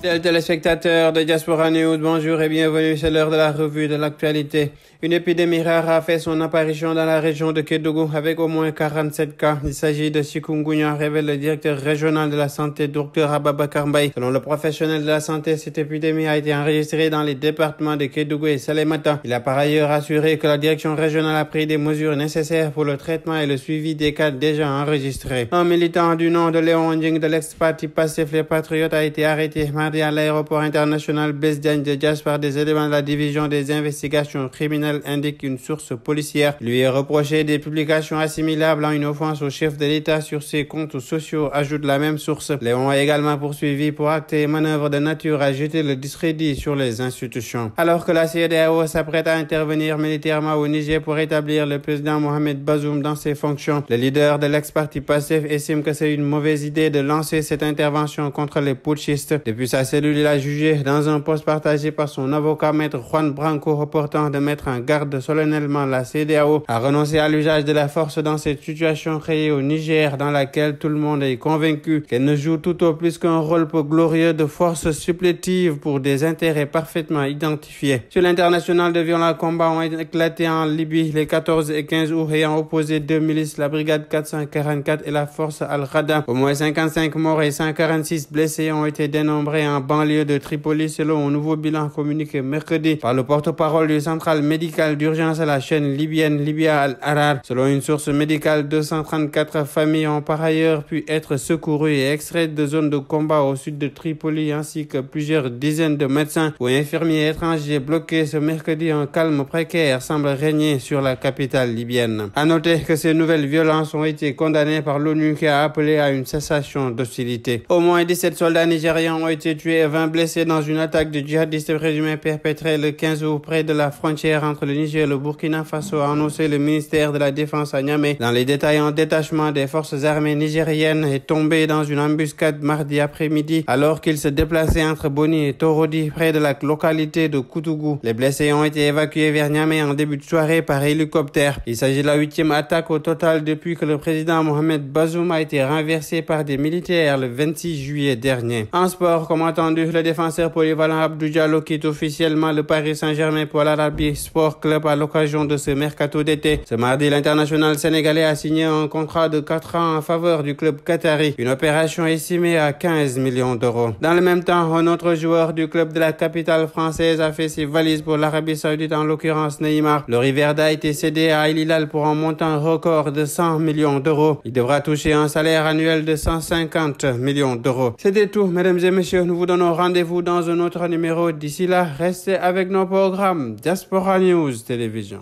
Téléspectateurs de Diaspora News, bonjour et bienvenue, c'est l'heure de la revue de l'actualité. Une épidémie rare a fait son apparition dans la région de Kédougou avec au moins 47 cas. Il s'agit de chikungunya, révèle le directeur régional de la santé, Dr Ababa Karmbay. Selon le professionnel de la santé, cette épidémie a été enregistrée dans les départements de Kédougou et Salemata. Il a par ailleurs assuré que la direction régionale a pris des mesures nécessaires pour le traitement et le suivi des cas déjà enregistrés. Un militant du nom de Léon Ding de l'ex-parti Passif Les Patriotes a été arrêté à l'aéroport international Besdian de Jasper par des éléments de la division des investigations criminelles indique une source policière. Lui est reproché des publications assimilables à une offense au chef de l'État sur ses comptes sociaux, ajoute la même source. Léon a également poursuivi pour actes et manœuvres de nature à jeter le discrédit sur les institutions. Alors que la CEDEAO s'apprête à intervenir militairement au Niger pour établir le président Mohamed Bazoum dans ses fonctions, le leader de l'ex-parti passif estime que c'est une mauvaise idée de lancer cette intervention contre les putschistes. Depuis sa la cellule, l'a a jugé dans un poste partagé par son avocat, maître Juan Branco, reportant de mettre en garde solennellement la CDAO à renoncer à l'usage de la force dans cette situation créée au Niger dans laquelle tout le monde est convaincu qu'elle ne joue tout au plus qu'un rôle peu glorieux de force supplétive pour des intérêts parfaitement identifiés. Sur l'international de violents combats ont éclaté en Libye les 14 et 15 août ayant opposé deux milices, la brigade 444 et la force Al-Rada. Au moins 55 morts et 146 blessés ont été dénombrés en banlieue de Tripoli selon un nouveau bilan communiqué mercredi par le porte-parole du central médical d'urgence à la chaîne libyenne Libya Al-Arar. Selon une source médicale, 234 familles ont par ailleurs pu être secourues et extraites de zones de combat au sud de Tripoli ainsi que plusieurs dizaines de médecins ou infirmiers étrangers bloqués ce mercredi en calme précaire semble régner sur la capitale libyenne. À noter que ces nouvelles violences ont été condamnées par l'ONU qui a appelé à une cessation d'hostilité. Au moins 17 soldats nigériens ont été tués et 20 blessés dans une attaque de djihadistes présumés perpétrée le 15 août près de la frontière entre le Niger et le Burkina Faso, a annoncé le ministère de la Défense à Niamey. Dans les détails, un détachement des forces armées nigériennes est tombé dans une embuscade mardi après-midi alors qu'il se déplaçait entre Boni et Torodi près de la localité de Koutougou. Les blessés ont été évacués vers Niamey en début de soirée par hélicoptère. Il s'agit de la huitième attaque au total depuis que le président Mohamed Bazoum a été renversé par des militaires le 26 juillet dernier. En sport, comment le défenseur polyvalent Abdou Diallo quitte officiellement le Paris Saint-Germain pour l'Arabie Sport Club à l'occasion de ce mercato d'été. Ce mardi, l'international sénégalais a signé un contrat de 4 ans en faveur du club qatari, une opération estimée à 15 millions d'euros. Dans le même temps, un autre joueur du club de la capitale française a fait ses valises pour l'Arabie Saoudite, en l'occurrence Neymar. Le Riverda a été cédé à El Hilal pour un montant record de 100 millions d'euros. Il devra toucher un salaire annuel de 150 millions d'euros. C'était tout, mesdames et messieurs vous donnons rendez-vous dans un autre numéro. D'ici là, restez avec nos programmes Diaspora News Télévision.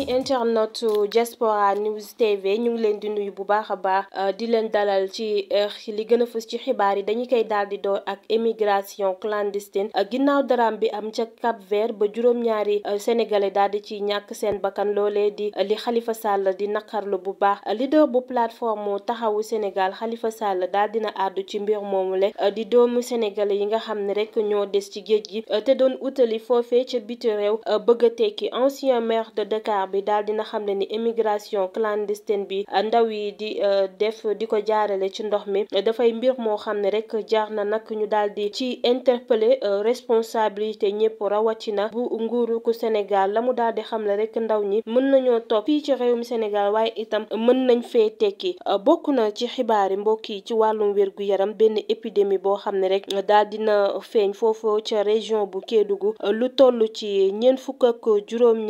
ami internet diaspora news tv ñu ngi leen di nuyu bu baax a baax euh, di leen dalal ci euh, li gën a fës ci xibaar yi dañu koy daal di door ak émigration clandestine euh, ginnaaw daram bi am ca Cap Vert ba juróom-ñaari sénégalais daal di ci ñàkk seen bakkan loolee di li Khalifa Sall di naqarlu bu baax leader bu plateforme taxawu Sénégal Khalifa Sall daal dina àddu ci mbir moomu le di doomu sénégalais yi nga xam ne rek ñoo des ci géej gi te doon utali foofee ca biti réew bi daal dina xam ne ni immigration clandestine bi ndaw yi di euh, def di ko jaarale ci ndox mi dafay mbir moo xam ne rek jaar na nag ñu daal di ci interpeller euh, responsabilité ñëpp rawatina bu nguuru ku Sénégal la mu daal di xam le rek ndaw ñi mën nañoo toog fii ci réewum Sénégal waaye itam mën nañ fee tekki euh, bokk na ci xibaari mbokk yi ci wàllum wér gu yaram benn épidémie boo xam ne rek daal na feeñ foofu ca région bu Kédougou lu toll ci ñeent fukk ak juróom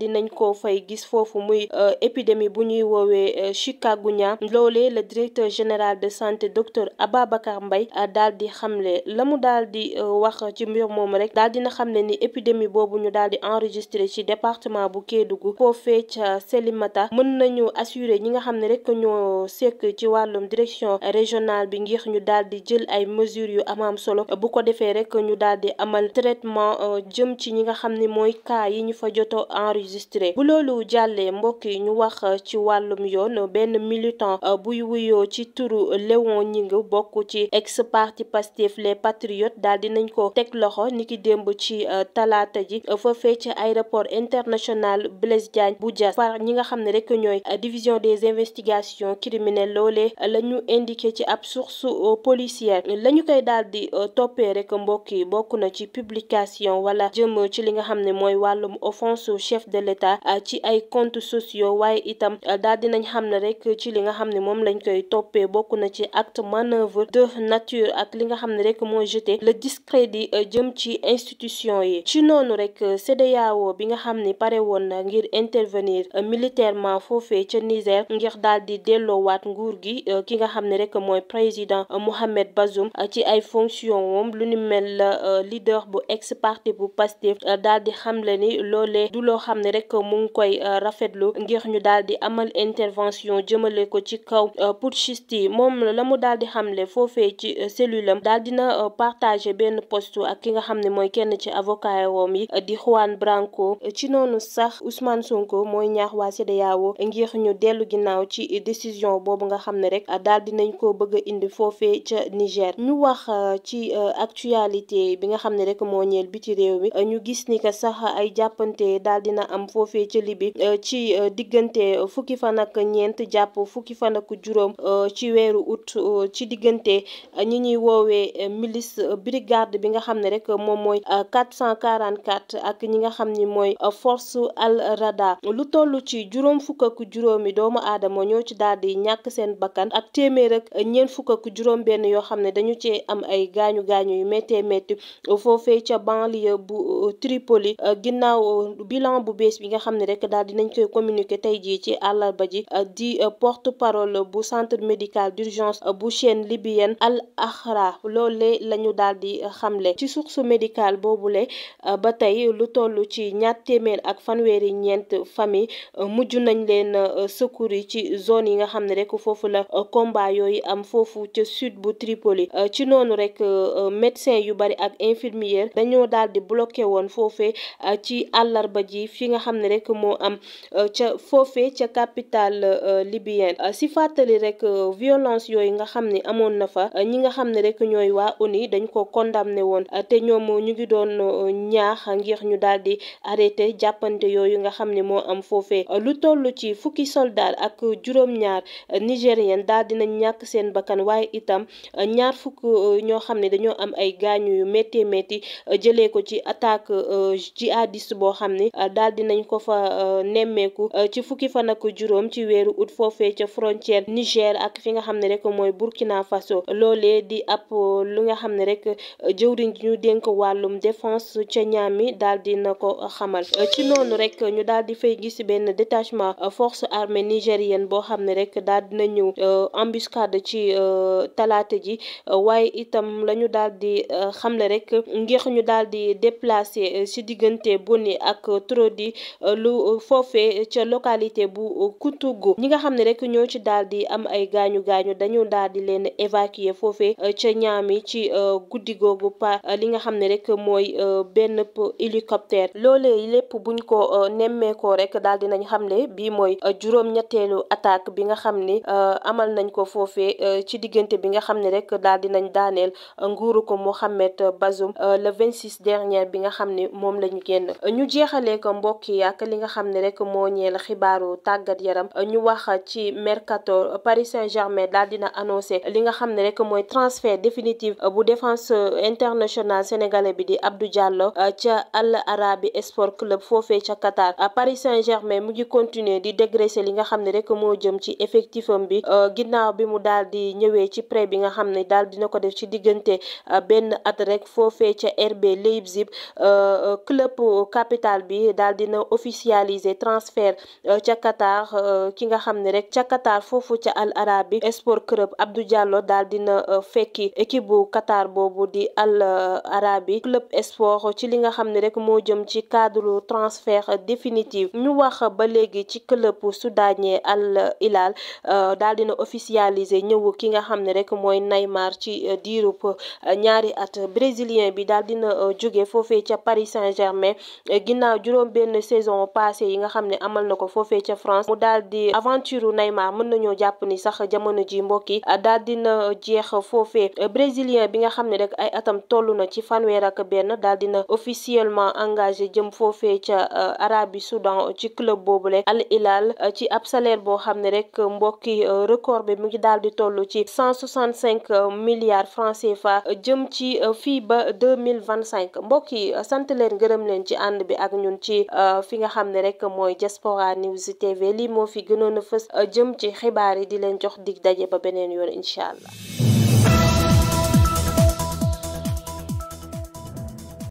dinañ ko fay gis foofu muy euh, épidémie bu ñuy woowee euh, chikungunya loole la directeur général de santé docteur Ababacar mbay euh, daal di xamle la mu daal di wax ci mbir moom rek daal dina xamle ni épidémie boobu ñu daal di enregistré ci département bu Kédougou foofee ca Selimata mën nañu assuré ñi nga xam ne rek ñoo sekk ci wàllum direction régionale bi ngir ñu daal di jël ay mesures yu amaam solo bu ko defee rek ñu daal di amal traitement jëm ci ñi nga xam ne mooy cas enregistré bu loolu jàllee mbokk yi ñu wax euh, ci walum yoon ben militant euh, buy wuyoo ci turu Léon ci ex parti Pastif les patriotes daal dinañ ko tek loxo niki démb ci euh, talata ji ci aéroport international Blaise Diagne bu par ñi nga rek division des investigations criminelles lolé lañu indiquer indiqué ci ab source policière lañu koy daal di rek na ci publication wala jëm ci li nga xamné offense chef chef de l'État euh, ci ay comptes sociaux waaye itam euh, daal dinañ xam ne rek ci li nga xam ne moom lañ koy toppee bokk na ci acte manœuvre de nature ak li nga xam ne rek mooy jeté le discrédit euh, jëm ci institution yi ci noonu rek CEDEAO bi nga xam ni pare woon na ngir intervenir militairement foofee ca Niger ngir daal di delloowaat nguur gi ki nga xam ne rek mooy président Mohamed Bazoum ci ay fonction moom lu ni mel leader bu ex parti bu Pastef xam ne rek mu ngi koy euh, rafetlu ngir ñu daal di amal intervention jëmale ko ci kaw euh, putschiste yi moom la mu daal di xamle foofee ci euh, cellule am daal dina partagé benn poste ak ki nga xam ne mooy kenn ci avocat woom yi di Juan Branco ci noonu sax Ousmane Sonko mooy ñaax waa CEDEAO ngir ñu dellu ginnaaw ci décision boobu nga xam ne rek daal nañ ko bëgg indi foofe ca Niger ñu wax ci actualité bi nga xam ne rek moo ñeel biti réew mi ñu gis ni que sax ay jàppante daal dina am foofee ca Libye euh, ci euh, diggante fukki fan nag ñeent jàpp fukki fan ak juróom euh, ci weeru août ci diggante ñi ñuy woowee milice brigade bi nga xam ne rek moom mooy 444 ak ñi nga xam ni mooy force al rada lu toll ci juróom fukk ak juróomi doomu aadama ñoo ci daldi ñàkk seen bakkan ak téeméer ak ñeent fukk ak juróom benn yoo xam ne dañu cee am ay gaañu gaañu yu méttee métti foofee ca banlieue bu Tripoli ginnaaw bilan bu bees bi nga xam ne rek daal dinañ koy communiquer tey jii ci àllarba ji euh, di euh, porte parole bu centre médical d'urgence euh, bu chaîne libyenne Al Ahra loolee la ñu daal di xamle ci source médicale boobule ba tey lu toll ci ñaar téeméer ak fanweeri ñeent famille mujj nañ leen secourir ci zone yi nga xam ne rek foofu la combat yooyu am foofu ca sud bu Tripoli ci noonu rek médecin yu bari ak infirmière dañoo daal di bloqué woon foofee ci àllarba ji fi yi nga xam ne rekk moo am euh, ca foofee ca capitale euh, libyenne euh, si fàttali rek violence yooyu nga xam ne amoon na fa ñi nga xam ne rek ñooy waa uni dañ ko condamné woon te ñoom ñu ngi doon ñaax ngir ñu daal di arrêté jàppante yooyu nga xam ne moo am foofee lu toll ci fukki soldat ak juróom-ñaar nigérien daal dinañ ñàkk seen bakkan waaye itam ñaar fukk ñoo xam ne dañoo am ay gaañu yu métti métti jëlee ko ci attaque jihadiste boo xam ne daal dinañ ko fa euh, nemmeeku euh, ci fukki fan ak juróom ci weeru ut foofee ca frontière Niger ak fi nga xam ne rek mooy Burkina Faso loolee di app euh, lu nga xam ne rek jëwriñ ñu dénk wàllum défense ca ñaami daal dina ko xamal ci noonu rek ñu daal di fay gis benn détachement force armée nigérienne boo xam ne rek daal dina ñëw embuscade ci talaata ji waaye itam lañu ñu daal di xamle rek ngir ñu daal di déplacer ci diggante Boni ak Trodi ci euh, lu euh, foofee ca localité bu euh, gu ñi nga xam ne rek ñoo ci daal di am ay gaañu gaañu dañu daal di leen évacuer foofee ca ñaami ci guddi googu pa li nga xam ne rek mooy benn hélicoptère loole lépp buñ ko nemmeekoo rek daal di nañ xamle bii mooy juróom-ñetteelu attaque bi nga xam ni amal nañ ko foofee ci diggante bi nga xam ne rek daal di nañ daaneel nguuru ko Mohamed Bazoum le 26 dernier bi nga xam ne moom la ñu ñu jeexalee mbokk mbokk yi ak li nga xam ne rek moo ñeel xibaaru tàggat yaram ñu wax ci mercato Paris Saint-Germain daal dina annoncé li nga xam ne rek mooy transfert définitif bu défense international sénégalais bi di Abdou Diallo euh, ca Al Arabi Sport Club foofee ca Qatar euh, Paris Saint-Germain mu ngi continuer di dégraisser li nga xam ne rek moo jëm ci effectifam bi euh, ginnaaw bi mu dal di ñëwee ci prêt bi nga xam ne daal dina ko def ci diggante benn at rek foofee ca RB dina officialiser transfert euh, ca Qatar euh, ki nga xamné rek Qatar foofu Al Arabi Sport Club Abdou Diallo dal dina euh, fekki équipe Qatar bobu di Al Arabi Club Sport ci li nga xamné rek mo jëm ci cadre transfert définitif ñu wax ba légui ci club soudanais Al Hilal dal dina officialiser ñëw ki nga xamné rek moy Neymar ci diirub ñaari at brésilien bi dal dina jóge foofee Paris Saint-Germain ginnaw juróom yenn saison passé yi nga xam ne amal na ko foofee ca France mu daal di aventure Neymar mën nañoo jàpp ni sax jamono ji mbokk yi daal dina jeex foofee brésilien bi nga xam ne rek ay atam toll na ci fanweer ak benn daal na officiellement engagé jëm foofee ca euh, Arabie Soudan ci club boobule Al Hilal ci ab salaire boo xam ne rek mbokki euh, record bi mu ngi daal di toll ci cent soixante cinq euh, milliards francs fa jëm ci fi ba deux mille vingt cinq mbokk yi sant leen gërëm leen ci ànd bi ak ñun ci Euh, fi nga xam ne rek mooy Diaspora News TV lii moo fi gënoon a fës jëm ci xibaar yi di leen jox dig daje ba beneen yoon incha allah.